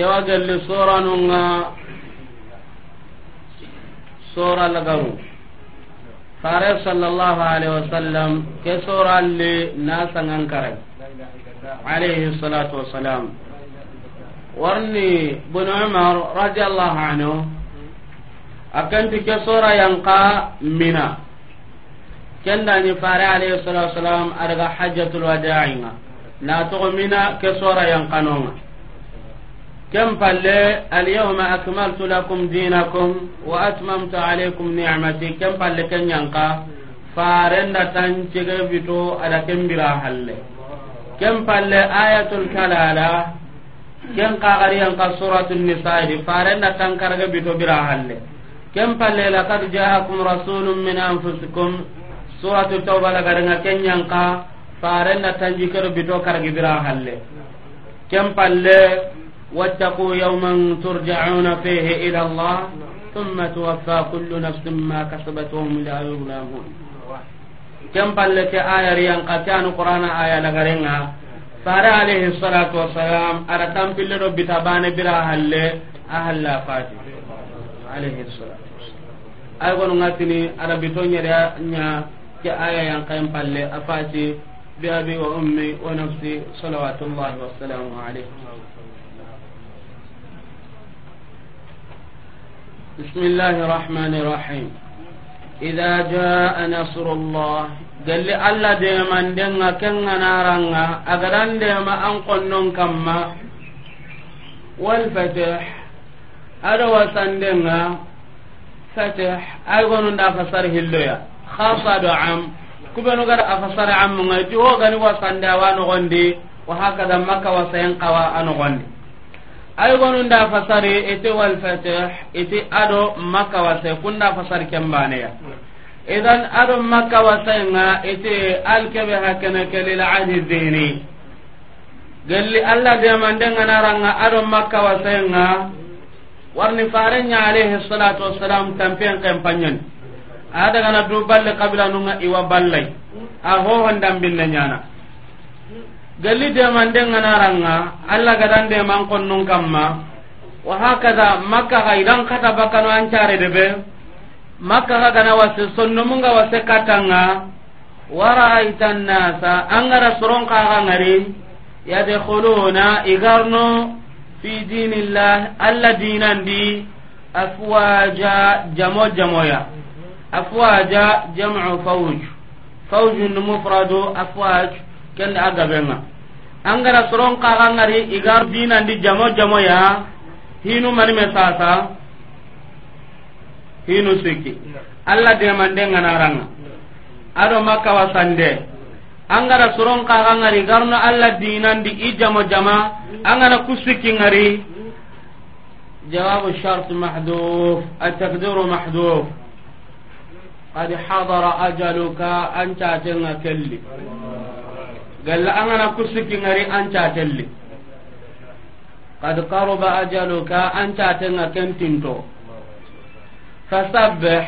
kewa gelli soranunga sora lagaru fare sallallahu alaihi wasallam ke sora le na sangan kare alaihi salatu wassalam warni bin umar radiyallahu anhu akanti ke sora yanka mina kenda ni fare alaihi salatu wassalam arga hajjatul wada'i na to mina ke sora yankanonga كم قال اليوم أكملت لكم دينكم وأتممت عليكم نعمتي كم قال كن ينقى فارندا تنجي بتو على كم بلا حل كم قال آية الكلالة كم قال ينقى سورة النساء فارندا تنكر بتو بلا حل كم قال لقد جاءكم رسول من أنفسكم سورة التوبة لقد كن ينقى فارندا تنجي بتو كرغ بلا حل كم قال واتقوا يوما ترجعون فيه إلى الله نعم. ثم توفى كل نفس ما كسبت وهم لا يظلمون كم بلت آية ريان قتان قرآن آية لغرنا فار عليه الصلاة والسلام أرتم في رب تبان بلا أهل أهل لا فاتي عليه الصلاة والسلام أيضا نغتني عربي تونيا كآية قال بلت أفاتي بأبي وأمي ونفسي صلوات الله وسلامه عليه بسم الله الرحمن الرحيم إذا جاء نصر الله قال لي ألا ديما دينا كنا نارنا أغران ديما أنقل نون كما والفتح أدوى سندنا فتح أيضا أفسره اللويا خاصة عم كبنو قد أفسر عم جو غني وسندا ونغندي وهكذا مكة وسينقوا أنغندي ay gonu nda fasari ite wal fatih ite ado makka wasa kunna fasari kembane ya idan ado makka wase nga ite al kebe hakana kalil ahdi zini galli Allah de mande ngana ranga ado makka wasa nga warni farenya alayhi salatu wassalam tampen kampanyen ada kana du balle kabila nunga iwa ballai a ho hondam binna nyana galli demandenganaranga allah gadan deman konnun kamma wa hakaza makka ga idan kata bakano ancare debe makka ga gana wase sonnomunga wase katanga waraaita annasa angara soron kaga ngari yadkhuluna igarno fi dinillah allah dinandi afwaja jamo jamoya afwaja jamcu fawj fawjun mufradu afwaj kende agabenga angara soron kaga ngari igar dinandi jamo jamo ya hinu mani me sasa hinu siki alla de mande nganaranga ado makka wasande angara soron kaga ngari garno alla i jamo jama angana kusiki ngari jawabu جواب الشرط محذوف التقدير محذوف قد حضر أجلك أنت kelli. galla angana kusiki ngari anca telli qad qaruba ajaluka anca tenga kentinto fasabbih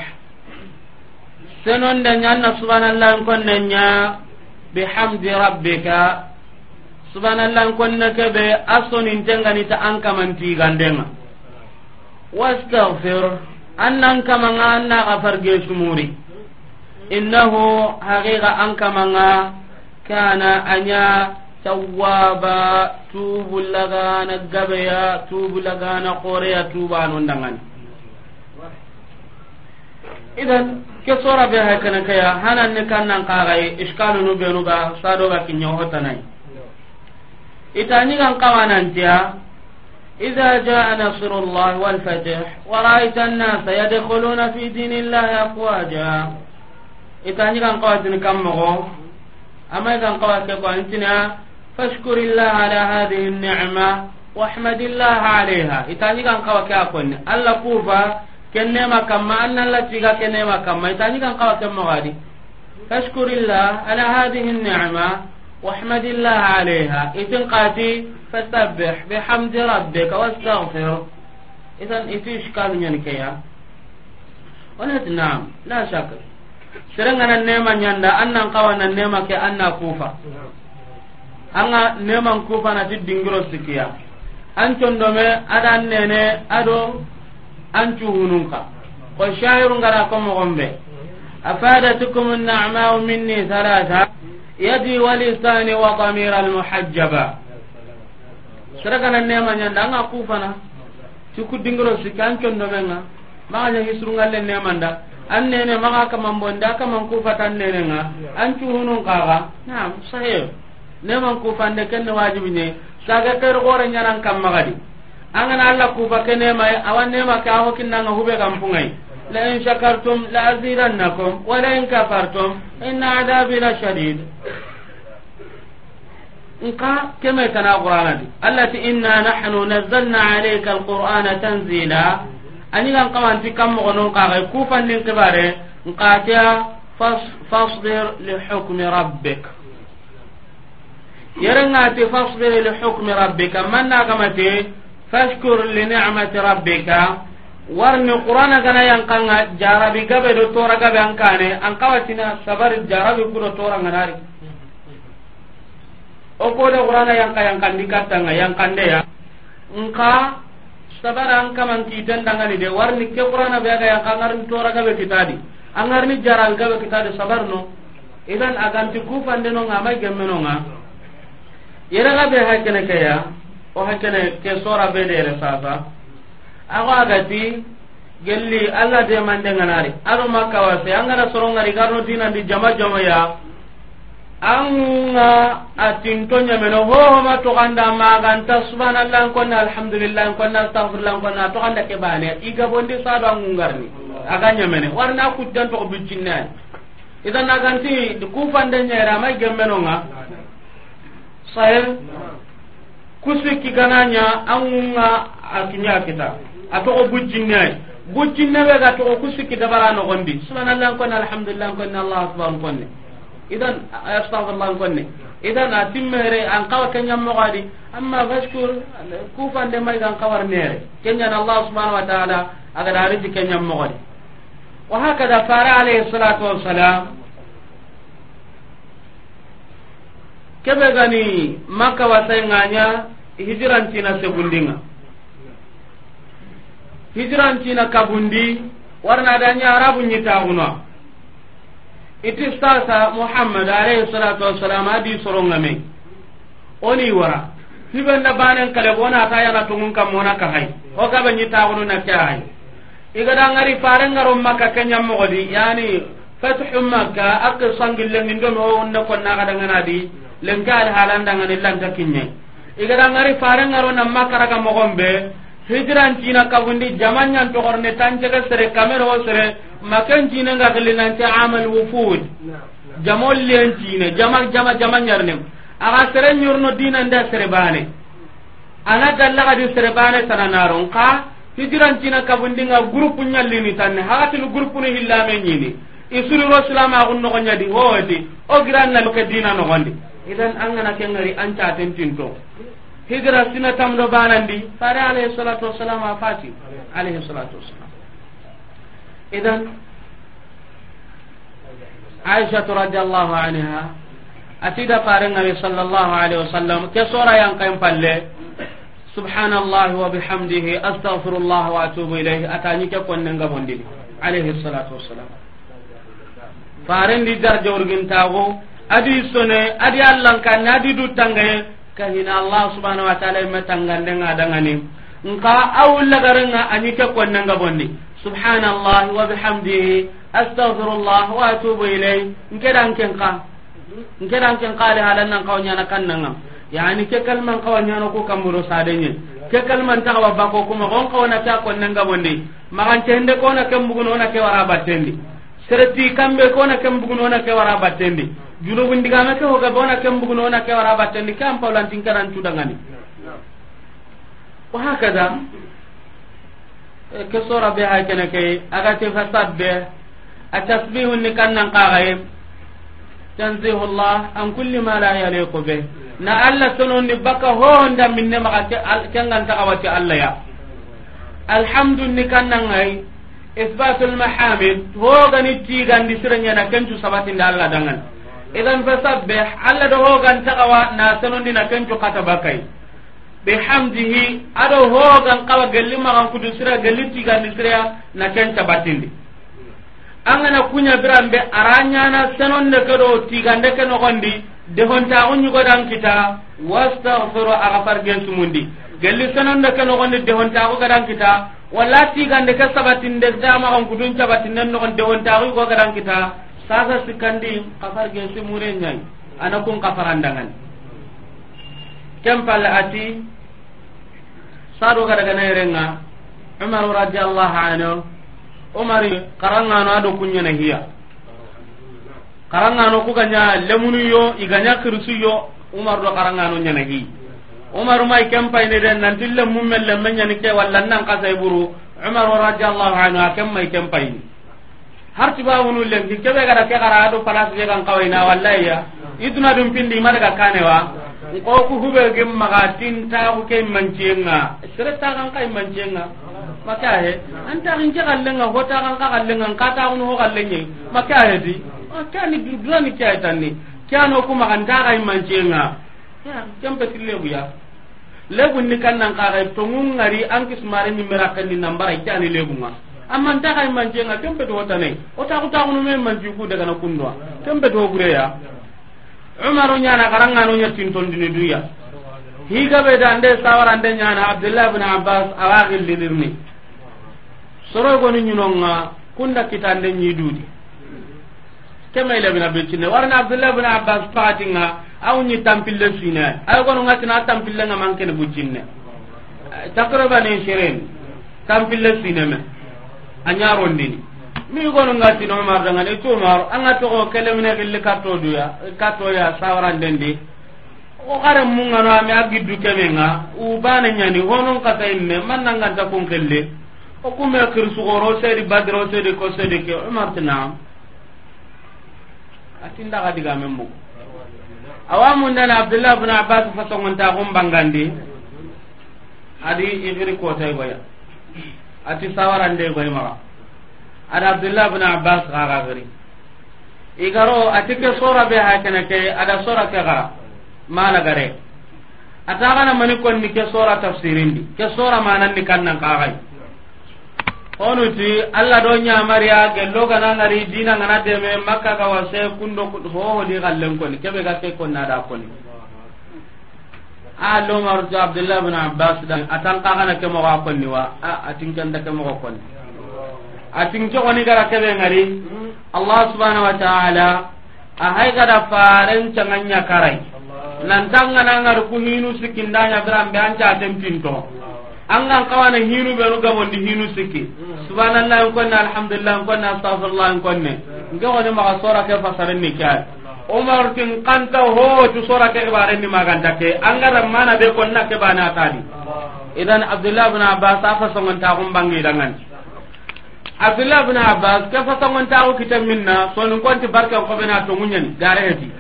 senon da nyanna subhanallah konne nya bihamdi rabbika subhanallah konne kebe asonin tenga ni ta anka manti gandenga wastaghfir annan kamanga anna gafar ge sumuri innahu haqiqa ankamanga kana anya tawwaba tubu lagana gabeya tubu lagana tuba non dangan. idan ke sora be hay kana kaya hanan ne kan nan kagai iskalu be benu ga sado ga kinyo hotanai itani kan kawanan tiya idza jaa نصر wal والفتح wa الناس an-nas yadkhuluna fi dinillahi إتاني itani kan كم مغو أما إذا قواتك أنتنا فاشكر الله على هذه النعمة واحمد الله عليها إتاني كان قواتك أكون ألا كوفا كنما كما أن الله تيغا كنما كما إتاني كان قواتك مغادي فاشكر الله على هذه النعمة واحمد الله عليها إتن قاتي فسبح بحمد ربك واستغفر إذا إتيش كان ينكيا قالت نعم لا شك serengana nema nyanda annan nan nema ke anna kufa anga neman kufa na ti dingiro sikiya an condome ada nene ado an hununka ko shairu ngara ko mogombe afadatukum an-na'ma'u minni thalatha yadi wa lisani wa dhamira al-muhajjaba serengana nema nyanda anga kufa na ti ku dingiro sikiya an condome nga ma nya hisru ngalle nemanda an nene maga kaman bonda kaman kufa tan nene nga an cuhunun kaga naam sahih ne man kufa nde ken wajibi ne saga ter gore nyaran kam magadi angana alla kufa kene mai awan ne ma ka hokin nan hube kam pungai la in shakartum la azidannakum wa la in kafartum inna adabi la shadid nka keme tana qur'ana di allati inna nahnu nazzalna alayka alqur'ana tanzila ani gan kawanti ku fanden ke bare nka ta fasbir li hukmi rabbik yarenga te fasbir li hukmi fashkur li qur'ana gabe do tora gabe an sabari kudo tora o ko qur'ana ya nka sabara an kaman kiten dangani de warni ke qur'ana be ga yang kangarin tora ga be kitadi angarni jaran ga be kitadi sabarno idan aganti kufan de no ngama gemmeno nga yera ga be hakene ke ya o hakene ke sora be de re sasa ago agati gelli alla de mande nganari aro wa se angara soronga rigaro dinan di jama jama ya anga atinto nyameno hohoma toganda maganta subhanallah konna alhamdulillah konna astaghfirullah konna toganda ke bane iga bondi sado angungarni aga nyamene warna kuddan to bicinna idan aganti kufande nyera mai gemmenonga sahel kusiki gananya angunga atunya kita atoko bucinna bucinna be ga to kusiki dabara no gondi subhanallah konna alhamdulillah konna allah akbar konna idan astaghfirullah gonne idan atimmere an kawa kenya mogadi amma fashkur de mai gan kawar mere kenya allah subhanahu wa ta'ala aga dariji kenya mogadi wa hakada fara alayhi salatu wa wassalam kebe gani makka wasai nganya hijran tina segundinga hijran tina kabundi warna danya arabu nyita unwa iti sasa uh, muhammad alayhi salatu wassalam adi sorongame oni wara da banen kale bona ta yana tungun kam mona ka hay o ka banyi ta wono na ka hay igada ngari farenga ngaro makka kenya mogodi yani fathu makka ak sangil lengin do no onna ko na kada ngana di lengal halanda ngani landa kinye igada ngari farenga ngaro na makka raga mogombe hijran tina kabundi jamanyan tokorne tancege sere kamere wo sere maken tine nga gelinante amal wufud jamol len tine jama jama jamanyarnem aga sere nyurno dinanda sere bane ana galla gadi sere bane tananaron ka hijran tina kabundi nga groupe nyallini tanne hakatil groupe ni hillame nyini isuri ro silama gun no nyadi hooti o giran nal ke dina no gondi idan angana kengari anca tentinto hijra sina tamdo banandi fare alayhi salatu wassalam afati alayhi salatu wassalam idan aishatu radiallahu anha atida farengawe sallallahu alayhi wasallam ke sora yankayen palle subhanallahi wa bihamdihi astaghfirullah wa atubu ilayhi atani ke konne bondini alayhi salatu wassalam farendi darja urgintago adi sone adi allankanne adi duttangaye kahina allah subhanahu wa ta'ala ma tangande nga dangani nka awulla garanga anyi ke konna nga bondi subhanallah wa bihamdihi astaghfirullah wa atubu ilayhi nkedan kenka nkedan kenka le halan nan kawnya na kannanga yani ke kalman kawnya no ko kamuro sadenye ke kalman ta wa bako kuma gon kawna ta konna nga bondi magan tende ko na kembugo na ke wara battendi serti kambe ko na kembugo na ke wara battendi junubun digame ke hoga bona kem bugno na ke wara batten kam paulan tingkaran cudangani wa hakaza ke sora be ha kana ke aga te fasabbe atasbihu ni kannan qagaye tanzihu allah an kulli ma la yaliqu be na alla sonon ni baka ho nda minne ma ke kangan ta kawati alla ya alhamdu ni kannan ai isbatul mahamid ho gani tigandi siranya na kencu sabatin da alla dangan idan fasabbih alla do hogan tagawa na sanon na kencu kata bakai bihamdihi ado hogan kawa gelli kan kudu sira gelli tigandi sira na kenca batindi angana kunya birambe aranyana de kedo tigande de honta dehontaxu godan kita wastaghfiru aghfar fargensumundi gelli sanonde de honta go godan kita walla de ke sabatinde damaxan kudun no nogon honta go godan kita sasa sikandi kafar gen simure nyai anakun kafarandangan kempal ati sado kada gana yerenga umar radhiyallahu anhu umar karanga no ado kunya na hiya karanga no lemunu yo iganya kirsu yo umar do karanga no nyana hi umar mai kempai ne den nan mummel ni ke wallan nan kasai buru umar radhiyallahu anhu akemma kempai ni har tiba hunu lengi kebe gara ke gara ado palas be kan kawai na wallahi ya iduna dum pindi mar ga kane wa ko ku hube gem maga tin ta ku ke mancenga sere ta kan kai mancenga maka he anta rin jaga lenga hota kan ka lenga ka ta hunu ho kallenye maka he di aka ah, ni dudura ni kya tanni kya no ku kan ta kai mancenga ya jambe tille buya legun ni kan nan ka ga to ngari an kismare ni merakan ni nambara kya ni legunga amma ta kai manje nga tembe to wata nei o ta kuta kunu men manji ku daga na kundwa tembe to gure ya umaru nyana karanga no nyatin ton dini duya higa be da nde sawara ande nyana abdullah ibn abbas awagil lilirni soro gonu nyinonga kunda kitande nyidudi kema ile bina becine warna abdullah ibn abbas patinga aw ni tampille sina ay gonu ngati na tampille nga mankene bucinne takriban 20 tampille sina me a rondini mi gonu nga no mar daga ne to mar anga to ko kelemne gelle katto duya katto ya sawaran dendi o gare mun ngana mi agiddu kemenga u bana nyani honon kata inne man nanga ta kun kelle o kume kirsu goro sedi badro sedi ko sedi ke umar tinam atinda ga diga membu awamun dan abdullah ibn abbas fasongon ta gumbangandi adi igri ko tay goya ati de goy mara ada abdullah ibn abbas gara gari igaro ati ke sora be hakene ke ada sora ke gara mala gare ataga na mani kon ni ke sora di ke sora manan ni kannan kagai ti alla do nya ke gello gana ngari dina ngana me makka ka wase kundo ho ho di gallen kon be ga ke kon na da kon a lomar to abdullah ibn abbas da atan ka kana ke mo ka wa a atin kan da ke mo ka atin ke woni gara ke ngari allah subhanahu wa ta'ala a hay gada faran canganya karai nan tanga nan ngar ku hinu sikindanya bram be an ta tempinto an gan kawana hinu be ruga hinu subhanallah ko na alhamdulillah ko na astaghfirullah ko ne ma sura ke fasarin ni umar tin kanta ho tu sora ke bare ni maganda ke angara mana be konna ke bana tadi idan abdullah bin abbas afa songon ta gum bangi dangan abdullah bin abbas ke fa songon ta ko kitam minna sonon konti barka ko bena to munyen gare hedi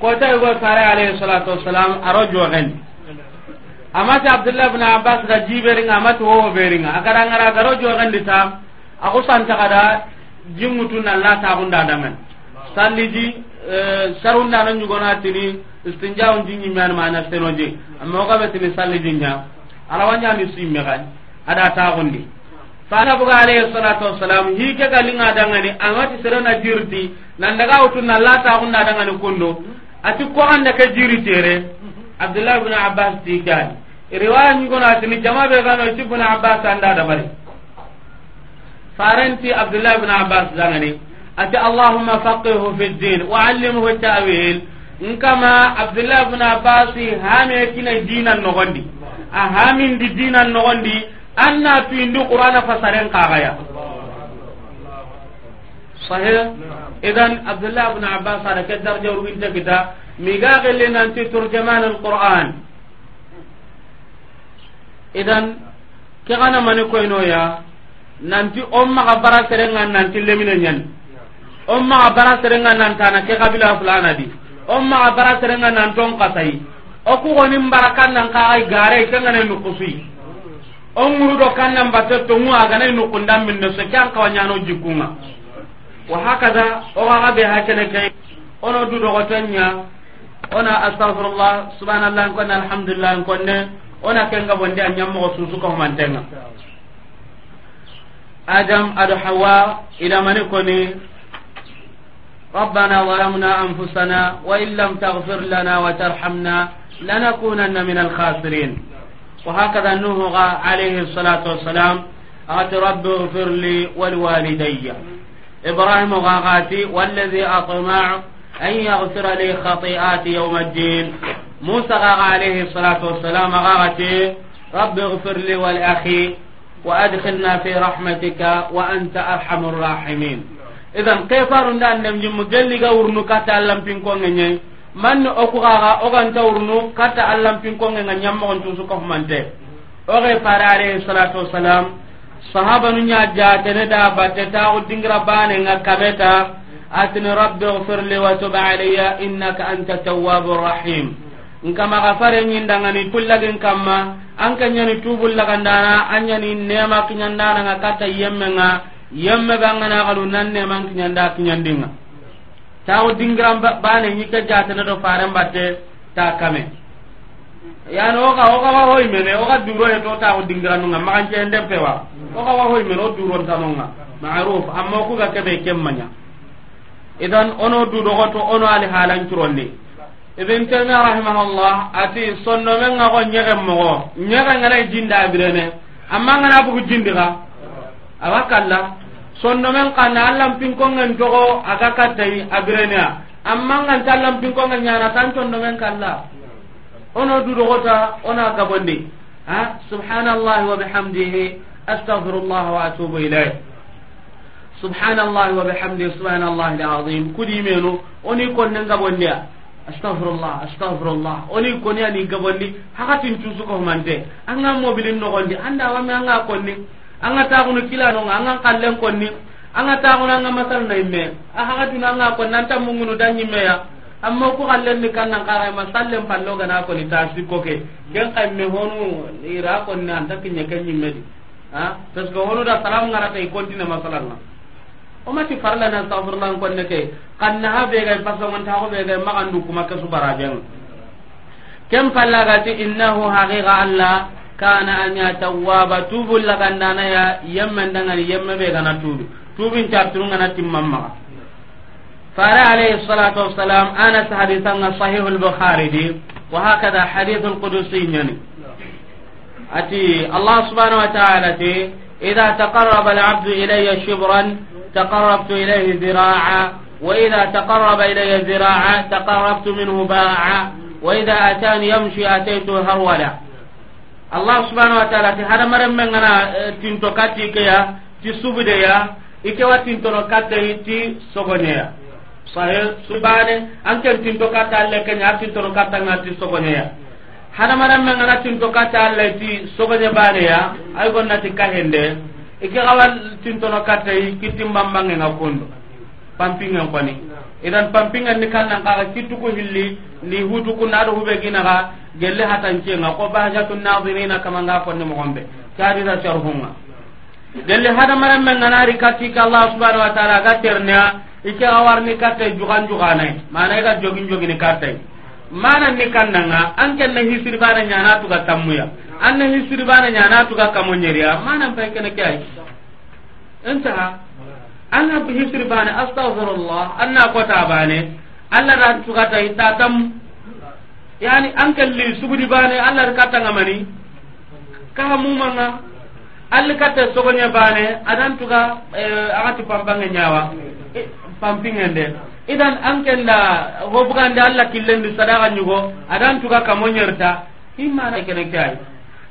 ko ta go sare alayhi salatu wassalam arojo gen amata abdullah bin abbas da jiberinga amata ho beringa akara ngara garo jo gen dita aku santa kada jimutu eh, na la taxun da man salli ji sarun da nan gona tini istinjaun ji ni man mana seno ji amma ko be tini salli ji nya ala wanya mi sim me kan ada gundi di na buga alayhi salatu wassalam hi ke galinga dangani amati serona jirti nan daga utun na la taxun da dangani kondo ati ko da ke jiri tere abdullah ibn abbas kan riwaya ni gona tini jama be gano ibn abbas anda da bari farenti abdullah ibn abbas dangani ati allahumma faqihu fi din wa allimhu ta'wil nkama abdullah ibn abbas hame kina dinan nogondi a hamin di dinan nogondi anna tuindi qur'ana fasaren kagaya sahih idan abdullah ibn abbas ada ke darja urginta kita miga gelle nanti turjaman alquran idan ke kana mani koyno ya nanti on maga bara serenga nanti lemine nyani on maga bara serenga nantana ke kabila fulana di on maga bara serenga nanton katai oku goni mbarakan nan ka ay gare kenga ne nukusi on do kan nan batte to mu aga ne nukundam min no se kan ka wanyano jikunga wa hakaza o ga be hakene kay ono du do gotanya ona astaghfirullah subhanallah ko alhamdulillah ko ne ona kenga bonde anyam mo susu ko mantenga أدو حواء إلى من يكوني ربنا ظلمنا أنفسنا وإن لم تغفر لنا وترحمنا لنكونن من الخاسرين وهكذا نوح عليه الصلاة والسلام أتي رب اغفر لي ولوالدي إبراهيم غاغاتي والذي أطمع أن يغفر لي خطيئاتي يوم الدين موسى غاغ عليه الصلاة والسلام غاغتي رب اغفر لي والأخي وأدخلنا في رحمتك وأنت أرحم الراحمين إذا كيف رندا أن نمجم جلي غورنو كتا ألم بينكم man oku kaga ogan tawrunu kata allam pin ko nga nyamma on tusu mante o ge parare salatu wassalam sahaba nu nya ja tene da batte ta o dingra bane nga kabeta atin rabbi ighfir li wa tub alayya innaka rahim nkama ka fare ñindangani kullagin kamma an tubul ke ñani tubullagandana an ñani nema kiñandananga nga yemmenga yemme nga yemme na banganagalu nan nema neman kiñanda kiñandinga tawo dingiran bane ñikke jatene do faren batte ta kame o ka ka yani oka okawa hoymene oka duroye to tawo dingiranunga maxanceenden pewa okawa hoymene o ka me nga. maruf amma kuga keɓe kemmaña idan ono dudogoto ono ali halancuronni ibn taymiya rahimahullah ati sonno men nga ko nyega mo nyega ngana e jinda birene amma ngana bugu jindiga awakalla sonno men kana allam pinko ngan togo aga katai abirenya amma ngan tallam pinko ngan nyana tan sonno men kala ono du dogota ona gabondi ha subhanallahi wa bihamdihi astaghfirullah wa atubu ilayh subhanallahi wa bihamdihi subhanallahi alazim kudi meno oni kon nga bondia astaghfirullah astaghfirullah oni koni ani gabondi hakatin cusu ko mante anga mobilin no gondi anda wame anga konni anga taguno kila no anga kallen konni anga taguno anga masal na imme a hakatin anga konni anta mungunu danyi meya amma ko kallen ni kannan kara ma sallen pallo gana ko ni tasi ko ke ken kai me honu ira konni anta kinye kenyi medi ha tas ko honu da salam ngara tay kontina masalan o mati farla na astaghfirullah kon ne kan na ha be ga paso man ta ko be ga makan du kuma kasu barajen kem palla ga ti innahu haqiqa alla kana anya tawwaba tubul la kan dana ya yamman dangan yamma be ga na tubu tubin ta na fara alayhi salatu wassalam ana hadithan sahih bukhari di wa hakada hadith qudusi yani ati allah subhanahu wa ta'ala ti idha taqarraba al ilayya shibran تقربت إليه ذراعا وإذا تقرب إلي ذراعا تقربت منه باعا وإذا أتاني يمشي أتيته هرولا الله سبحانه وتعالى هذا مرم من أنا تنتقاتي كيا تسوبديا ikewa tintono kattahi ti sogoneya sahe subane anken tinto katta alle kenya a tintono katta nga ti sogoneya hadamaren men ngana tinto katta alle ti sogone baneya ay gonnati kahende ike kawal tintono katta yi kittin bambange nga kondo pampingen koni idan pampingan ni kannan kaka kittuku hilli ni hutuku hube huɓe ginaga gelle nga ko bahjatu na kama nga konni mogonɓe kadira sharhunga gelle hadamaren men ganari katti ka allah subhanau wa taala aga terneya ike awarni katta jugan juganai mana iga jogin jogini kattay mana ni kannanga an ken na hisiri bana nyana tuga tammuya an na hisiri bana nyana tuga kamonyeriya mana pa ken kai enta na bi hisiri bana astaghfirullah anna kota bane alla ra tuga ta ita tam yani an ken li subudi bane alla ra katanga mani ka mu manga alla kata sogonya bane adan tuga eh, agati pambange nyawa eh, pampingende idan an kenda ho allah alla killendi sadaka nyugo adan tuga kamonyerta na kene kai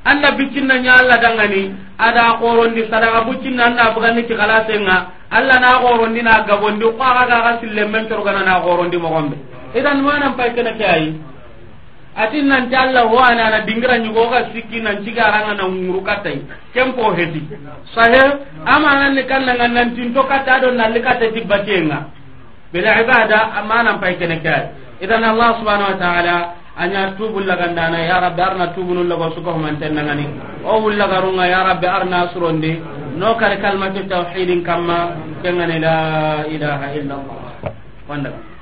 anda bicinna nya alla dangani ada qorondi sadaka na bucinna anda bugande ti kalasenga alla na qorondi na gabon di qara ga ga sille men torgana na qorondi mo gombe idan manan pai kene kai atin nan jalla ho ana na dingira nyugo ga sikki nan ciga ranga na nguru katai kempo hedi sahe amanan ne kan nan nan to kata don nan likata tibatenga بالعبادة أما نمبي كنكال إذن الله سبحانه وتعالى أن يتوب لغندانا يا رب أرنا توب لغا سكهم أن تنغني أو لغرنا يا رب أرنا سرندي نوكر كلمة التوحيد كما كنغني لا إله إلا الله وندم